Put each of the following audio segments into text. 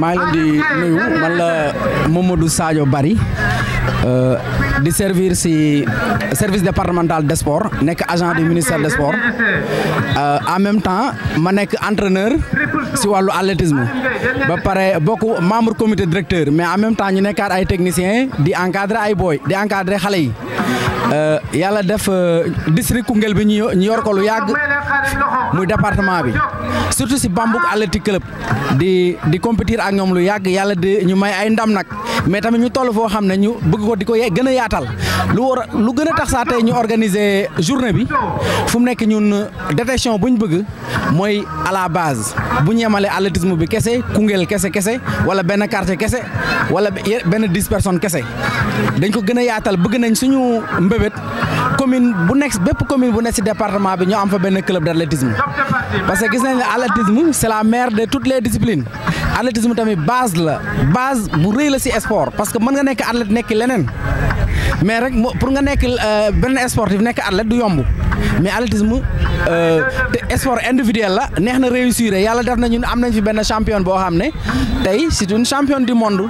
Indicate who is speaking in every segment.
Speaker 1: maa ngi leen di nuyu man la Mamadou Sadio Bari euh, di servir si service départemental de sports nekk agent du ministère des sports euh, en même temps ma nekk entraîneur si wàllu athlétisme ba pare bokk membre comité directeur mais en même temps ñu nekkaat ay techniciens di encadrer ay booy di encadrer xale yi. Euh, yàlla def euh, district Koungheul bi ñu yor ko lu yàgg muy département bi surtout si Bambouk Athletic Club di di compétir ak ñoom lu yàgg yàlla di ñu may ay ndam nag mais tamit ñu toll foo xam ne ñu bëgg ko di ko gën yaatal lu war lu gën a tax saa ñu organiser journée bi fu mu nekk ñun détection bu ñu bëgg mooy àlla la base bu ñu yemalee bi kese Koungheul kese kese wala benn quartier kese wala benn dix personnes kese dañ ko gën yaatal bëgg nañ suñu Comme commune bu nek bépp commune bu nek ci département bi ñu am fa ben club d'athlétisme. parce que gis nañ la mère de toutes les disciplines athlétisme tamit base la base bu reuy la ci sport parce que mën nga nek athlète nek lenen mais rek pour nga nekk euh, benn sportif nekk athlète du yomb mais athlétisme euh, te sport individuel la neex na réussir yàlla def nañu ñun am nañ fi benn champion boo xam ne tey c'est une championne du monde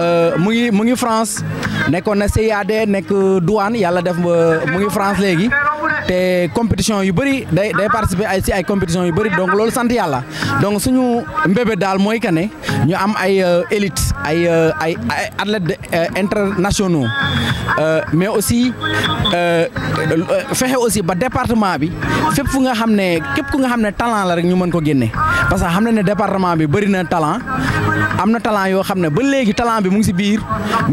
Speaker 1: euh, mu ngi mu ngi France nekkoon na CIAD nekk douane yàlla def mu ngi France léegi. te compétition yu bëri day day participer ay si ay compétition yu bëri donc loolu sant yàlla donc suñu mbebe daal mooy que ne ñu am ay euh, élite ay euh, ay ay athlètes euh, internationaux mais aussi fexe aussi ba département bi fép fu nga xam ne képp ku nga xam ne talent la rek ñu mën ko génne parce que xam na ne département bi bëri na talent. am na talant yoo xam ne ba léegi talant bi mu ngi si biir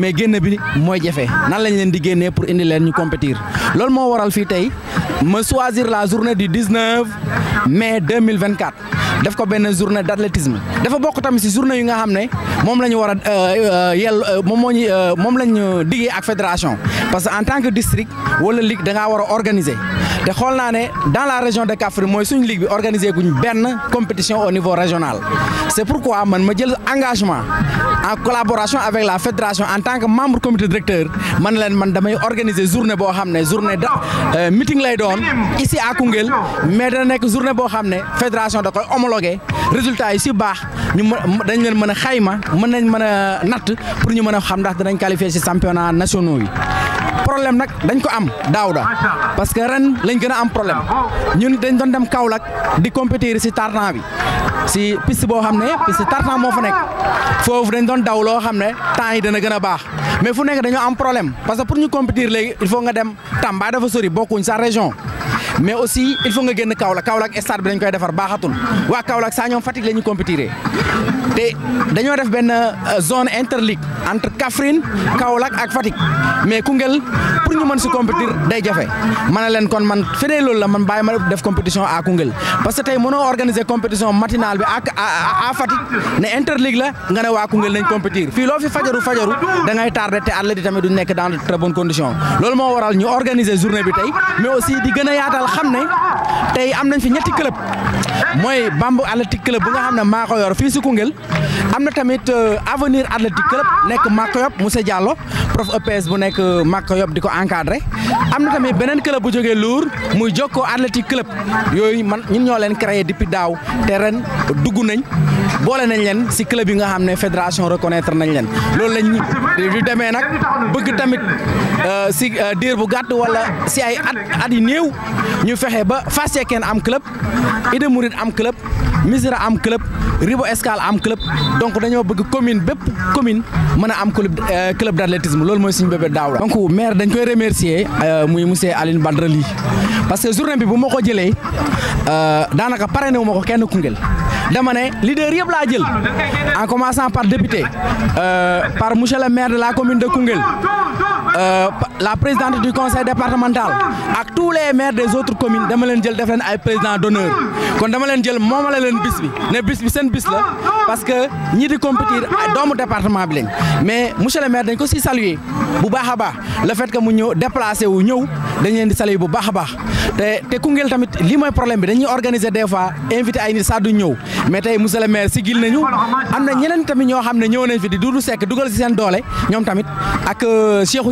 Speaker 1: mais génn bi mooy jafe nan lañ leen di génnee pour indi leen ñu compétir loolu moo waral fii tey ma choisir la journée du 19 mai 2024 def ko benn journée d' athlétisme dafa bokk tamit si journée yi nga xam ne moom la ñu war a euh, euh, yell euh, moom moo ñu moom la ñu diggee ak fédération parce que en tant que district wala ligue da ngaa war a organiser. dans la région de Kaffrine nous avons ligue bi organisé une belle compétition au niveau régional c'est pourquoi man ma engagement en collaboration avec la fédération en tant que membre du comité directeur Je leen man damay organiser journée journée de euh, meeting ici à Kungel, mais dans nekk journée la fédération da koy homologué résultat ici si nous ñu dañ fait mën xayma pour ñu championnat national. problème nag dañ ko am daaw da parce que ren lañ gën a am problème ñun dañ doon dem Kaolack di compétir si tartan bi si piste boo xam ne piste tartan moo fa nekk foofu dañ doon daw loo xam ne temps yi dana gën a baax mais fu nekk dañoo am problème parce que pour ñu compétir léegi il faut nga dem Tamba dafa sori bokkuñ sa région. mais aussi il faut nga génn Kaolack Kaolack stade bi dañ koy defar baaxatul waa Kaolack saa ñoom Fatick la ñu te dañoo def benn euh, zone interligue entre Kaffrine Kaolack ak Fatick mais Koungheul pour ñu mën si compétir day jafe ma ne leen kon man feneen loolu la man bàyyi ma def compétition a Koungheul parce que tey mënoo organiser compétition matinale bi ak à Fatick ne la nga ne waa Koungheul nañ compétir fii loo fi fajaru fajaru da ngay tardé te athlètes yi tamit duñ nekk dans de très bonnes conditions loolu moo waral ñu organiser journée bi tey xam ne tey am nañ fi ñetti club mooy Bambou Athletic Club bu nga xam ne maa ko fii si Koungheul am na tamit euh, Avenir Athletic Club nekk Makoyob Moussa Diallo prof EPS bu nekk Makoyob di ko encadré am na tamit beneen club bu jógee Lour muy ko Athletic Club yooyu man ñun ñoo leen créé depuis daaw te ren dugg nañ. boole nañ leen si club bi nga xam ne fédération reconnaître nañ leen loolu lañ di demee nag bëgg tamit si eh, diir bu gàtt wala si ay at at yi néew ñu fexe ba fas yekkeen am club ida mourid am club misra am club ribo escal am club donc dañoo bëgg commune bépp commune mën a am eh, club club d' athlétisme loolu mooy suñu bébé daawla donc maire dañ koy remercier eh, muy monsieur aline badre lii parce que journée bi bu ma ko jëlee daanaka pare ne ma ko kenn kungel dama ne leader yëpp laa jël en commençant par député euh, par monsieur le maire de la commune de Koungheul Euh, la présidente du conseil départemental ak tous les maires des autres communes dama leen jël def leen ay président d'honneur kon dama leen jël moomale leen bis bi ne bis bi seen bis la parce que ñi di compétir doomu département bi lañ mais monsieur le maire dañ ko si saluer bu baax a le fait que mu ñëw déplacé wu ñëw dañ leen di saluer bu baax a baax te te Koungheul tamit lii mooy problème bi dañuy organiser des fois invité ay nit saa du ñëw mais tey monsieur le maire sigil nañu am na ñeneen tamit ñoo xam ne ñëw nañ fi di Doudou Seck dugal si seen doole ñoom tamit ak euh, Cheikhou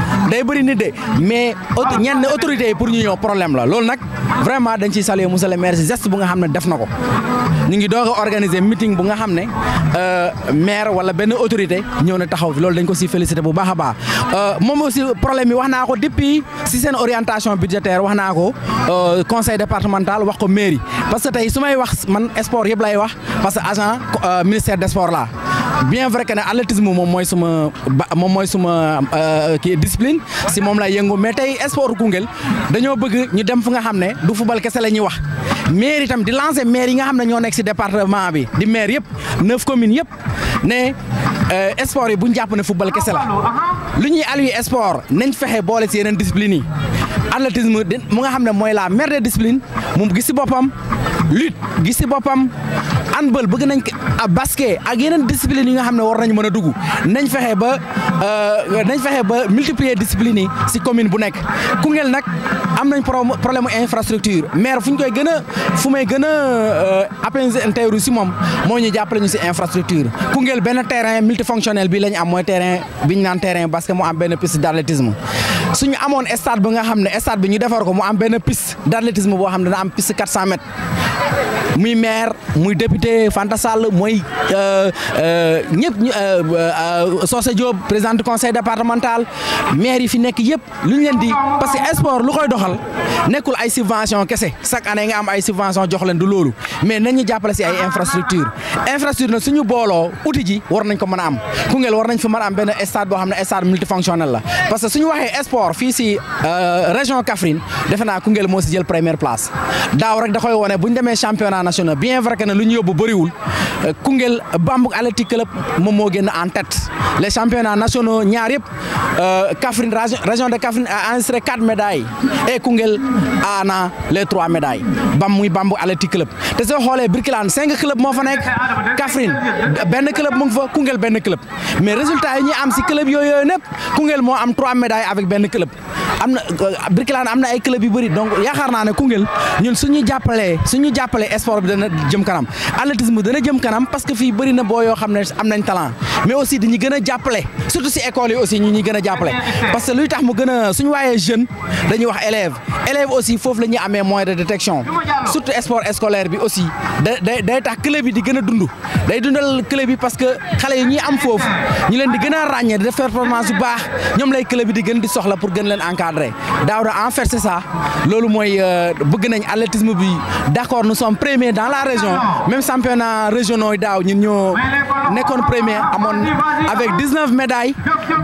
Speaker 1: day bëri nit de mais ñenn autorités yi pour ñu ñëw problème la loolu nag vraiment dañ ciy saluer monsieur le si geste bu nga xam ne def na ko ñu ngi doog a organiser meeting bu nga xam ne euh, maire wala benn autorité ñëw na taxaw fi loolu dañ ko si félicité bu baax a baax euh, moom aussi problème yi wax naa ko depuis si seen orientation budgétaire wax naa ko euh, conseil départemental wax ko mairie parce que tey su wax man sport yëpp lay wax parce que agent ministère des sports la bien vrai que ne athlétisme moom mooy suma ba moom mooy suma euh, kii discipline si moom lay yëngu mais tey sport Koungheul dañoo bëgg ñu dem fu nga xam ne du football kese la ñuy wax maire itam di lancer maire yi nga xam ne ñoo nekk si département bi di maire yëpp neuf communes yëpp ne euh, sport yi bu ñu jàpp ne football kese la lu ñuy allier sport nañ fexe boole si yeneen discipline yi athlétisme mu nga xam ne mooy la mère des disciplines moom gis si boppam. lutte gis ci boppam handball bëgg nañ a basket ak yeneen discipline yi nga xam ne war nañ mën a dugg nañ fexe ba eh, eh, nañ fexe ba multiplier discipline yi si commune bu nekk ku ngel nag am nañ problème infrastructure maire fu ñu koy gën a fu may gën a eh, appelé interru si moom moo ñu jàppale ñu si infrastructure ku ngel benn terrain multifonctionnel bi lañ am mooy terrain biñ naan terrain parce que am benn piste d'athlétisme suñu amoon stade bi nga xam ne stade bi ñu defar ko mu am benn piste d'athlétisme boo xam ne dana am piste 400 muy maire muy député Fanta Sall mooy euh, euh, ñëpp euh, Socé Diop président du conseil départemental maire yi fi nekk yëpp lu ñu leen di parce que sport lu koy doxal nekkul ay subvention kese chaque année nga am ay subvention jox leen du loolu mais nañu jàppale si ay infrastructure infrastructure na suñu booloo outil ji war nañ ko mën a am Koungheul war nañ fi mën a am benn stade boo xam ne stade multifonctionnel la parce que sport si euh, région Kaffrine defe naa Koungheul moo si jël première place daaw rek da koy wone bu ñu demee championnat national bien vrai que ne lu ñu yóbbu bëriwul Koungheul Bambou Club moom moo génn en tête les championnats nationaux ñaar yëpp euh, Kaffrine région de Kaffrine a enregistré quatre médailles et Koungheul ana les trois médailles bam muy Club te soo xoolee Birkelane cinq clubs moo fa nekk benn club mu ngi fa Koungheul benn club mais résultat yi ñuy am si club yooyu yooyu népp Koungheul moo am trois médailles avec benn club am na Birkelane am na ay club yu bëri donc yaakaar naa ne Koungheul ñun suñu jàppalee suñu jàppalee sport bi dana jëm kanam athlétisme dana jëm kanam parce que fii bëri na boo yoo xam ne am nañ talent mais aussi dañu gën a jàppale surtout si école yi aussi ñu ñuy gën a jàppale parce que luy tax mu gën a suñu waayee jeune dañuy wax élève élève aussi foofu la ñuy amee moyen de détection surtout sport scolaire bi aussi day day tax club di gën a dund day dundal club yi parce que xale yi ñuy am foofu ñu leen di gën a ràññee di def performance bu baax ñoom lay club yi di gën di soxla pour gën leen encadrer daaw da en fait c'est ça loolu mooy euh, bëgg nañ athlétisme bi d'accord nous sommes premiers dans la région même championnat régionaux yi daaw ñun ñoo nekkoon premier amoon avec 19 médailles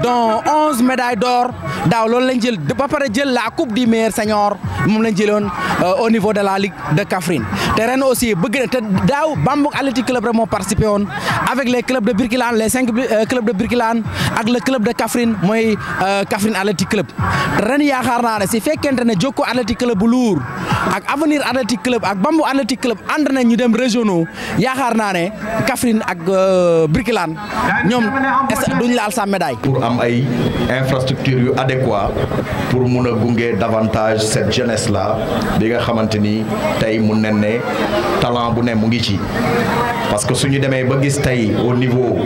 Speaker 1: dont 11 médailles d'or daaw loolu lañ jël ba pare jël la coupe du meilleur senior Euh, au niveau de la ligue de Kaffrine terrain aussi bëgg na te daw Bambouk Athletic Club rek participé avec les clubs de Birkilaan les cinq euh, clubs de Birkilaan ak le club de Kaffrine moy euh, Kaffrine Athletic Club ren c'est fait ne si fekkente né Jokko Athletic Club Lour ak Avenir Athletic Club ak bambou Athletic Club and nañ ñu dem régionaux yaakaar na ne kafrine ak Birkilaan ñoom duñ laal sa médaille.
Speaker 2: pour am ay adéquate pour mëna a davantage cette jeunesse la bi nga xamanteni ni mu talent bu ne parce que suñu démé ba gis taille au niveau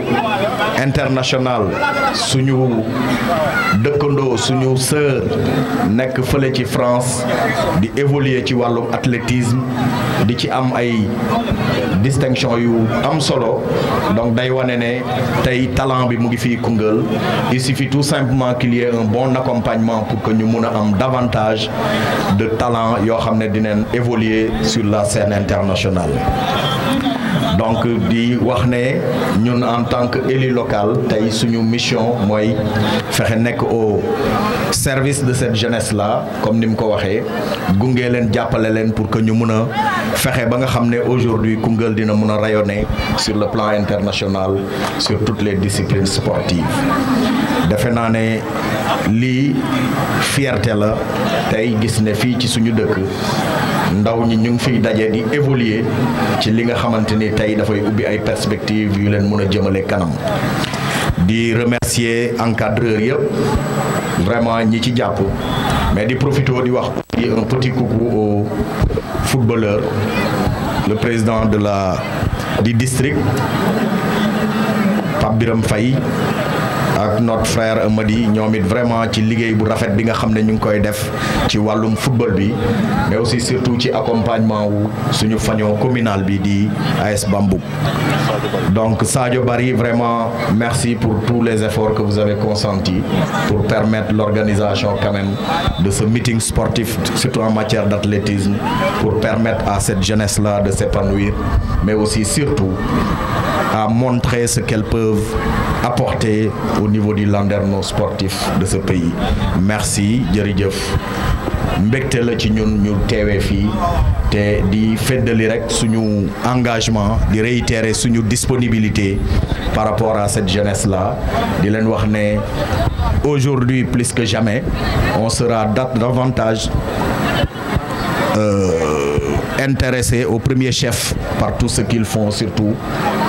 Speaker 2: international suñu de suñu sœur nek feulé ci France di évoluer ci l'athlétisme, athlétisme di ci am ay distinction yu am solo donc day wané né tay talent bi mu ngi il suffit tout simplement qu'il y ait un bon accompagnement pour que nous mëna davantage de talents yo xamné ne évoluer sur la scène internationale donc di wax ñun en tant que élu local tay suñu mission moy fexé nek au service de cette jeunesse là comme nous l'avons ko waxé gungé len jappalé len pour que ñu mëna fexé ba nga xamné aujourd'hui Koungheul dina mëna sur le plan international sur toutes les disciplines sportives défé na né Li fierté la tay gis né fi ci suñu dëkk ndaw ñi ñu di évoluer ci li nga perspectives kanam di remercier encadreur vraiment ñi mais di profito di wax un petit coucou au footballeur le président de la du district Pape ak notre frère Amadi ñoom it vraiment ci liguey bu rafet bi nga xam ñu koy def ci football bi mais aussi surtout ci accompagnement wu suñu au communal bi di AS donc Sadio Barry vraiment merci pour tous les efforts que vous avez consentis pour permettre l'organisation quand même de ce meeting sportif surtout en matière d'athlétisme pour permettre à cette jeunesse là de s'épanouir mais aussi surtout à montrer ce qu'elles peuvent apporté au niveau du landerneau sportif de ce pays merci jërëjëf Mbekte la ci ñun ñu téwé de té di feddali rek suñu engagement di réitérer suñu disponibilité par rapport à cette jeunesse là di leen wax aujourd'hui plus que jamais on sera davantage euh, Intéressé au premier chef par tout ce qu'ils font, surtout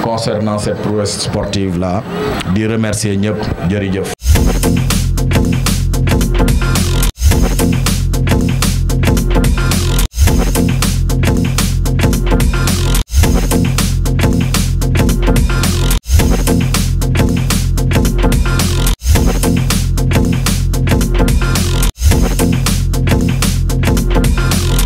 Speaker 2: concernant cette prouesse sportive-là. de remercier Nyep